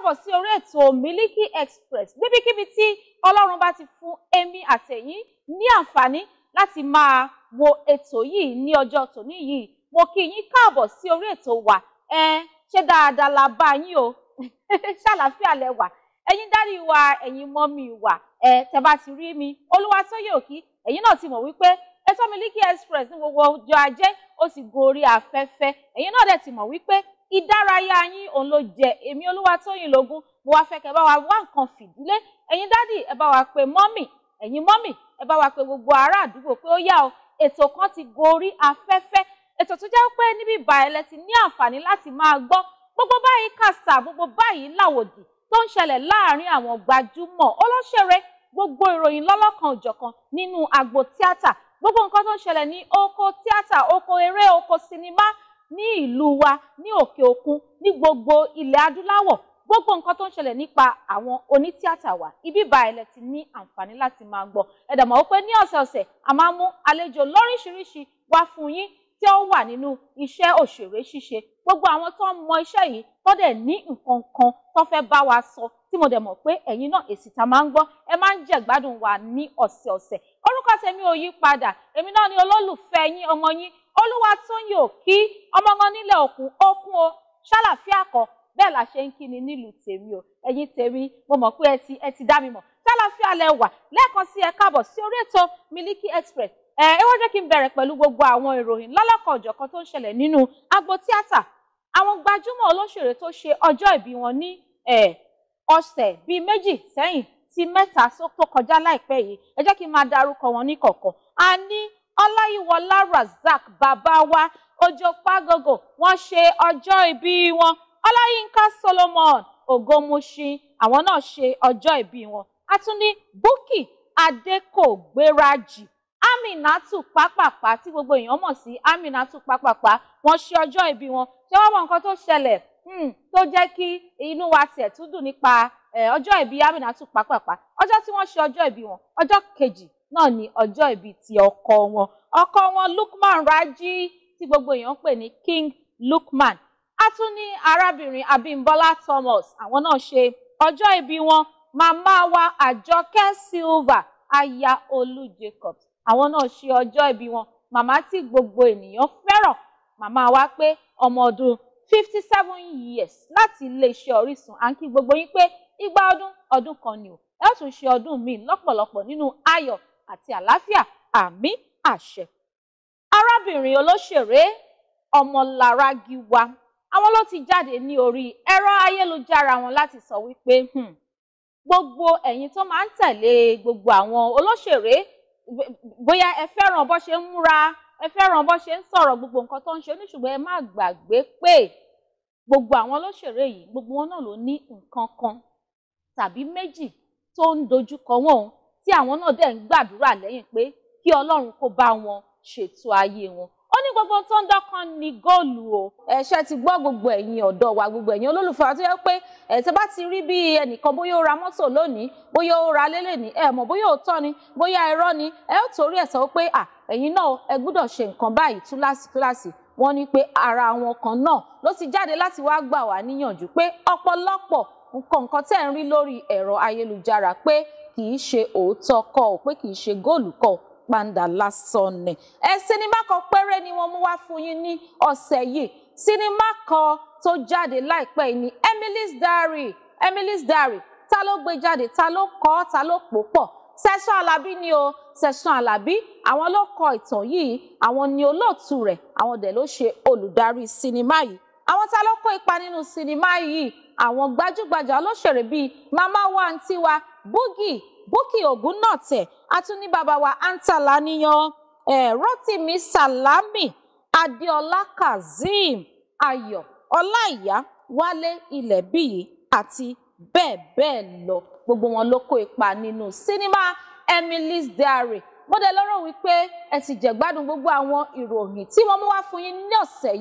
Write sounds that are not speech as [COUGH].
káàbọ̀ sí orí ètò Miliki Express níbikíbi tí Ọlọ́run bá ti fún èmi àtẹ̀yin ní àǹfààní láti máa wo ètò yìí ní ọjọ́ tòní yìí mo kí yín káàbọ̀ sí orí ètò wa ẹ ṣé dáadáa la bá yín o [LAUGHS] ṣàlàáfíà lẹ wà ẹ̀yin dárí wa ẹ̀yin mọ́mì wa ẹ tẹ bá ti rí mi Olúwatóyè Òkí ẹ̀yin náà ti mọ̀ wípé ètò Miliki Express ní gbogbo ọjọ́ ajé ó sì gorí afẹ́fẹ́ ẹ̀yin náà dẹ̀ ti mọ̀ wípé ìdárayá yín òun ló jẹ èmi Olúwatóyìn lógún mo wá fẹ́ kẹ́ bá wa wá nǹkan fìdílé ẹ̀yin dádì ẹ bá wa pè mọ́mì ẹ̀yin mọ́mì ẹ bá wa pè gbogbo ará àdúgbò pé ó yá o ètò kan ti gorí afẹ́fẹ́ ètò tó jẹ́ pé níbi ìbàyẹ̀ lẹ ti ní àǹfààní láti máa gbọ́ gbogbo báyìí kàṣà gbogbo báyìí làwòdì tó ń ṣẹlẹ̀ láàárín àwọn gbajúmọ̀ olóṣèré gbogbo ìròyìn lọ́lọ́kan òjọ̀kan nínú agbo tíátà gbogbo nǹkan tó ń ṣẹlẹ̀ ní oko tíátà oko eré oko sinimá ní ìlú wa ní òkè òkun ní gbogbo ilẹ̀ adúláwọ̀ gbogbo nǹkan tó ń ṣẹlẹ̀ nípa àwọn onítìátà wa ibi báyìí lẹ ti ní àǹfààní láti máa gbọ́ ẹ̀dàmọ̀ ó pé ní ọ̀sẹ̀ọ̀sẹ̀ a máa mú àlejò lóríṣiríṣi wá fún yín tí ó wà nínú iṣẹ́ òṣèré ṣíṣe gbogbo àwọn tó ń mọ iṣẹ́ yìí tó dẹ̀ ní nǹkan kan tó fẹ́ bá wa sọ tí mo dẹ̀ mọ̀ pé ẹ̀yin náà èsì tá máa ń gbọ́ ẹ máa ń jẹ̀gbádùn wa ní ọ̀sẹ̀ọ̀sẹ̀ orúkọ tèmi ò yí padà èmi náà ni olólùfẹ́ yín ọmọ yín Olúwatóyìn Òkí ọmọngàn nílẹ̀ òkun òkun o ṣàlàfíà kọ́ bẹ́ẹ̀ la ṣe ń kí ni nílùú tèmi o ẹ̀yin tèmi mo mọ̀ pé ẹ ti ẹ ti dá mi mọ̀ ṣàlàfíà lẹ wà lẹ́ẹ̀kan sí ẹ káàbọ̀ sí orí ètò Miliki Express ẹ ẹ wọ́n jẹ́ kí n bẹ̀rẹ̀ pẹ̀lú gbogbo àwọn ìròyìn lọ́lọ́kan ọ̀jọ̀kan tó ń ṣẹlẹ̀ nínú agbo tíátà àwọn gbajúmọ̀ olóṣèré tó ṣe ọjọ́ ìbí wọn ní ọ̀sẹ̀ bíi méjì sẹ́yìn ti mẹ́ta tó kọjá láìpẹ́ yìí ẹ jẹ́ kí n máa darúkọ wọn ní kọ̀ọ̀kan a ní ọláyíwọlá razak bàbá wa ọjọ́ pàgọ́gọ́ wọ́n ṣe ọjọ́ ìbí wọn ọláyínká solomon ògòmùṣin àwọn náà ṣe ọjọ́ ìbí wọn a tún ní búkì adékògbéraji aminatu pápápá tí gbogbo èèyàn mọ̀ sí aminatu pápápá wọ́n ṣe ọjọ́ ìbí wọn ṣé wọ́n mọ nǹkan tó ṣẹlẹ̀ hmm, tó jẹ́ kí inú wa tiẹ̀ tún dùn nípa Eh, ọjọ́ ìbí Aminatu pàápàá ọjọ́ tí wọ́n ṣe ọjọ́ ìbí wọn ọjọ́ kejì náà ni ọjọ́ ìbí ti ọkọ wọn ọkọ wọn Lukman Raji tí gbogbo èèyàn ń pè ní King Lukman a tún ní arábìnrin Abímbọ́lá Thomas àwọn náà ṣe ọjọ́ ìbí wọn màmá wa Àjọkẹ́ Silver aya Olú Jacobs àwọn náà ṣe ọjọ́ ìbí wọn màmá tí gbogbo ènìyàn fẹ́ràn màmá wa pé ọmọ ọdún fifty seven years láti iléeṣẹ́ Orísun à ń kí gbogbo yín pé ìgbà ọdún ọdún kan ni o ẹ ó tún ṣe ọdún míì lọ́pọ̀lọpọ̀ nínú ayọ̀ àti àlàáfíà àmì àṣẹ. arábìnrin olóṣèré ọmọlára Gíwá àwọn ló ti jáde ní orí ẹ̀rọ ayélujára wọn láti sọ wípé hmm, gbogbo ẹ̀yin tó máa ń tẹ̀lé gbogbo àwọn olóṣèré bóyá ẹ fẹ́ràn bó ṣe ń múra ẹ fẹ́ràn bó ṣe ń sọ̀rọ̀ gbogbo nǹkan tó ń ṣe ní ẹ má gbàgbé pé gbogbo àwọn olóṣèré yìí gbogbo wọn náà ló ní nǹkan kan tàbí méjì tó ń dojúkọ wọn tí àwọn náà dẹ̀ ń gbàdúrà lẹ́yìn pé kí ọlọ́run kó bá wọn ṣètò ayé wọn ó ní gbogbo tó ń dọ́kan ní góòlù o ẹ̀ṣẹ́ ti gbọ́ gbogbo ẹ̀yin ọ̀dọ́ wa gbogbo ẹ̀yin olólùfẹ́ wa tó yẹ pé ẹ̀tẹ́ bá ti rí bí ẹnìkan bóyá ó ra mọ́tò lónìí bóyá ó ra lélẹ̀ ní ẹ̀ mọ̀ bóyá òótọ́ ni bóyá irọ́ ni ẹ ó torí ẹ̀ sọ pé à ẹ̀yin náà ẹ gbúdọ̀ ṣe nǹkan báyìí túláàsì túláàsì wọ́n ní pé ara wọn kan náà ló ti jáde láti wá gbà wá níyànjú pé ọ̀pọ̀lọpọ̀ nǹkan nǹkan tẹ́ ń rí lórí ẹ̀rọ ayélujára pé kì í ṣe òótọ́ kọ́ ọ pé kì í ṣe góòlù kọ́ ọ pàǹdà lásán ni. ẹ sinimá kan péré ni wọ́n mú wá fún yín ní ọ̀sẹ̀ yìí sinimá kan tó jáde láìpẹ́ yìí Emily's Diary Emily's Diary ta ló gbé jáde ta ló kọ ta ló pò pọ̀ Sẹ́san Alábí ni o Sẹ́san Alábí àwọn ló kọ ìtàn yìí àwọn ni olóòtú rẹ̀ àwọn dẹ̀ ló ṣe olùdarí sinimá yìí àwọn ta ló kó ipa nínú sinimá yìí àwọn gbajúgbajà olóṣèré bíi mama wa Antiwa Búgì Búkì Ògúnnọ̀tẹ̀ àtúní bàbá wa Àǹtàlà níyan eh, Rotimi Salami Adéọlá Kazeem Ayọ̀ Ọláìyá Wálé Ilẹ̀bíyì àti bẹ́ẹ̀ bẹ́ẹ̀ lọ gbogbo wọn ló kó ipa nínú sinimá Emily's Diary mo dẹ̀ lọ́rọ̀ wípé ẹ ti jẹ̀gbádùn gbogbo àwọn ìròyìn tí wọ́n mú wá fún yín ní ọ̀sẹ̀ yìí.